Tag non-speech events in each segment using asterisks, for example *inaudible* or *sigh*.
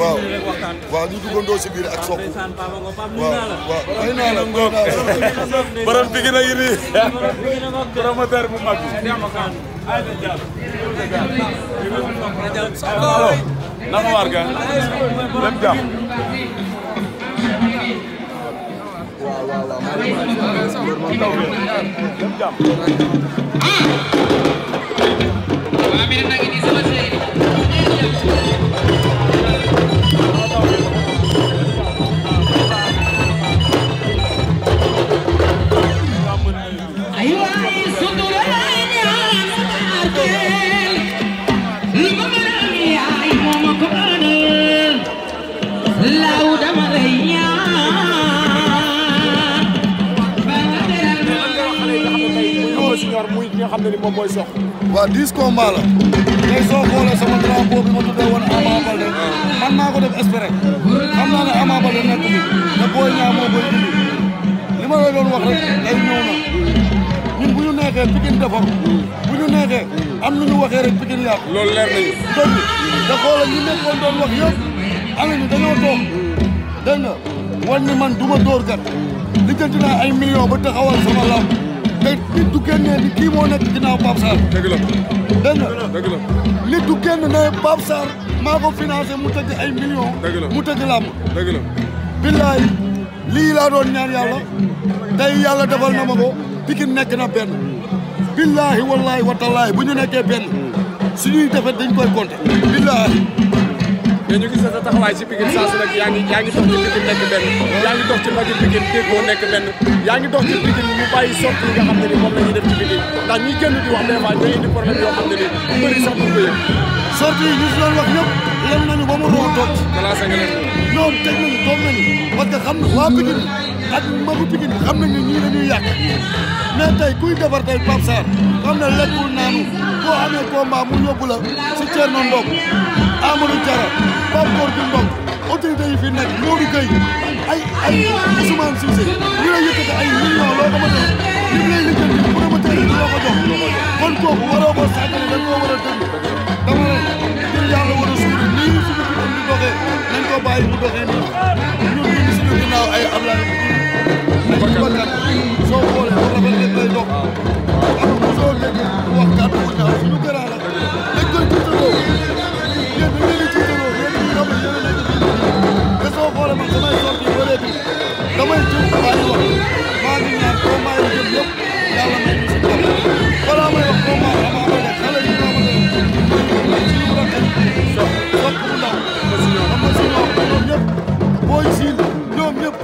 waaw waaw ñu duggandoo si biir ak *laughs* waaw dix combats la tey soo xoolee sama drapeau bi ma tuddee woon Ama Baldé man maa ko def espérer xam naa ne Ama Baldé nekk bi te booy ñaa moo koy indi li ma la doon wax rek day ñëw na ñun bu ñu neexee Pikine defar bu ñu neexee am lu ñu waxee rek Pikine yàqu loolu leer nañu dëgg te xoolal ñu nekkoon doon wax yëpp toog dégg nga wan ni man du ma dóor kat lijjanti naa ay million ba taxawal sama lamb te nit du génne ni kii moo nekk ginnaaw Pape Sarr. dëgg la dégg nga dëgg la nit du génn ne Pape maa ko financé mu tëgg ay million mu tëgg lamb dëgg la billaay lii laa doon ñaan yàlla tey yàlla defal na ma ko Pikine nekk na benn billahi wallahi wa bu ñu nekkee benn suñuy defet dañ koy compter billahi mais ñu gis sa taxawaay yaa ngi yaa ci Pikine nekk benn yaa ngi dox ci magi nekk benn yaa ngi dox ci Pikine ñu bàyyi soppi yi nga xam ne moom la ñuy def ci Pikine ndax ñuy génn di wax des fois ñooy indi problème yoo xam ne ni bëri sax duñ ko ñu si doon wax ñëpp lem nañu ba mu rox toog placé nga leen ñoom teg nañu toog nañu parce que xam waa ak mbabu Pikine bi xam nañ ne ñii dañuy yàq mais tey kuy defar tey Pape xam ne lekkul naanu boo amee combat mu yóbbu la si Thierno Ndom Amadou Diarra Pape Gorgui Ndom autorité yi fi nekk Modou Gueye ay ay Ousmane Cissé ñu lay yëkkati ay millions loo xamante ne ñu lay yi loo ko jox kon kooku waroo ko sàggane dañ koo war a dëgg dama ne ngir yàlla war a suuri nii suñu fi di doxee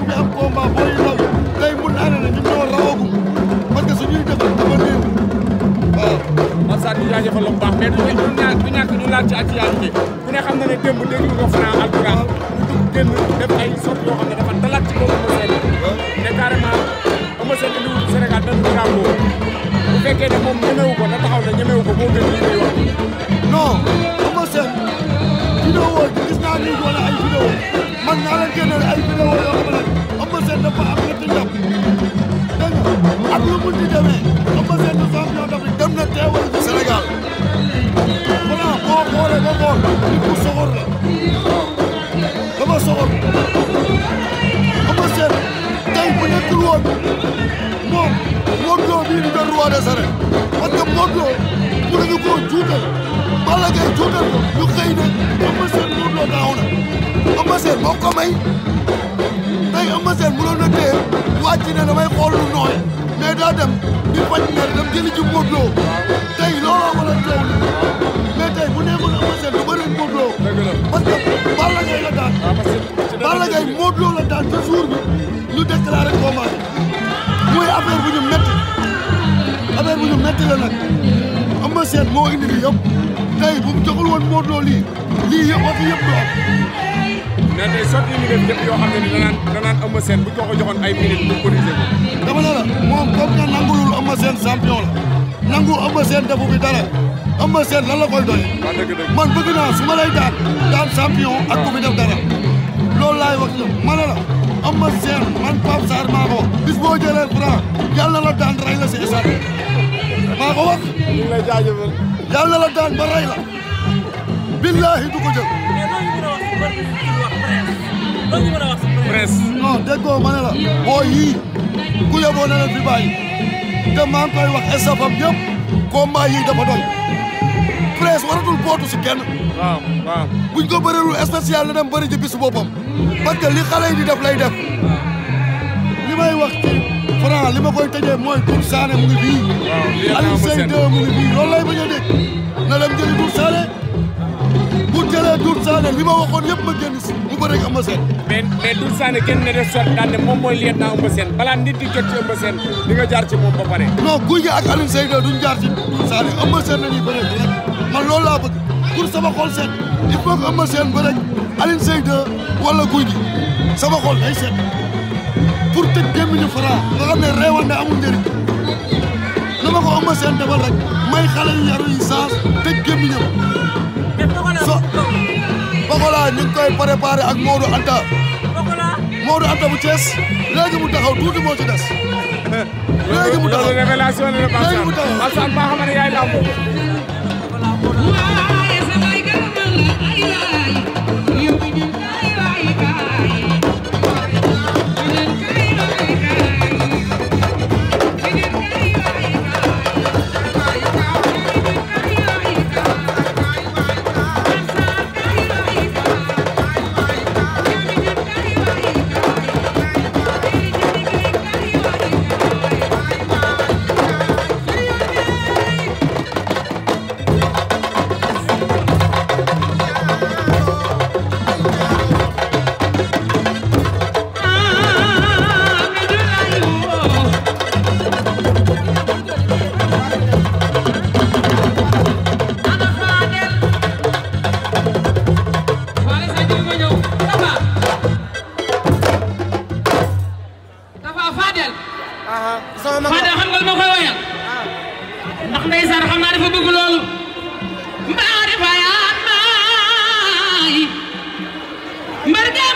ñu am combat booy yu ndaw tey mun naa ne ne ñun ñoo rawagum parce que suñuy defar dafa néew waaw. man Sadio jaajëfal la bu baax mais du ñàkk du ñàkk ñu laal ci ak yaay bi ku ne xam na ne démb dégg nga Franc Alcuraan du génn def ay sot yoo xam ne dafa dalaat ci boobu Eumeu Sène ne carrément Eumeu Sène indi wul Sénégal dañu ko ràmboo bu fekkee ne moom ñemewu ko na taxaw ne ñemewu ko moo gën lii ngay wax non Eumeu Sène vidéo gis naa ni wala ay vidéo man naa leen génneel ay vidéo yoo xam ne Sène dafa am ñetti ndam dégg nga ak lu mu di demee Eumeu Sène du champion d'Afrique dem na teewal ci Sénégal voilà boo xoolee ba xool nit ku soxor la dafa soxor Eumeu Sène tey bu nekkul woon moom Modou Lo bii di doon roi des arènes parce que Modou Lo bu nañu koo juutal Balla Gaye juutal ko ñu xëy ne Eumeu Sène Modou Lo daaw na Eumeu Sène moo ko may Eumeu Sène mënoon na téye wàcc ne nooy mais daa dem faj mer dem jëli ci Modou tey looloo war a teew mais tey bu nekkoon Eumeu Sène du bëri Modou Lo parce que Balla Gaye la daan ah, Balla Gaye Modou Lo la daan ci jour bi ñu déclaré combat bi muy affaire bu ñu métti affaire bu la nag Eumeu Sène moo indi yëpp tey bu joxul woon Modou Lo lii lii yëpp wax yëpp du Eumeu Sène bu ñu ko ko joxoon ay minutes pour corriger ko. dama ne la moom comme que nangulul Eumeu Sène champion la nangu Eumeu Sène defu bi dara Eumeu Sène lan la koy doy. man bëgg naa ma lay daan daan champion ak ku fi dara loolu laay wax ma ne la Eumeu Sène man Pape Sarr maa ko wax. bis boo jëlee la daan rey si stade maa ko presse. non déggoo ma ne la boo yii ku yóbboo na leen fi bàyyi te maa koy wax estafam yëpp combat yii dafa doy presse waratul bootu si kenn. waaw waaw buñ ko bëreelul na dem bëri ji bisu boppam parce que li xale yi di def lay def li may wax ci Franc li ma koy tëjee mooy Dour Sané mu ngi fii. waaw Aliou Seye mu ngi fii loolu lay bañ a dégg na dem jëli Dour Sané. mais Doudou Sané li ma waxoon yëpp ma génn si moom mooy liet naa Eumeu nga jaar ci moom ba pare. non guy gi ak Alioune Seye duñ jaar ci Doudou Sané man loolu laa bëgg pour sama xol seet il faut que Eumeu Sène bëri Alioune Seye wala guy gi sama xol day seet pour tëj gémmiñu Franc nga xam ne réewal na amul njëriñ na ma ko Eumeu Sène defal rek may xale yu yaru yi saas tëj gémmiñam combat ñu ngi koy préparé ak Modou Anta Modou Anta bu Thiès léegi mu taxaw tuuti moo ci des. léegi mu taxaw mu taxaw Fadel. sama mag Fadel xam nga lu ma koy woyal. Ah. ndax ndeysaan xam naa dafa bëgg loolu. mbaa defa yaat maay.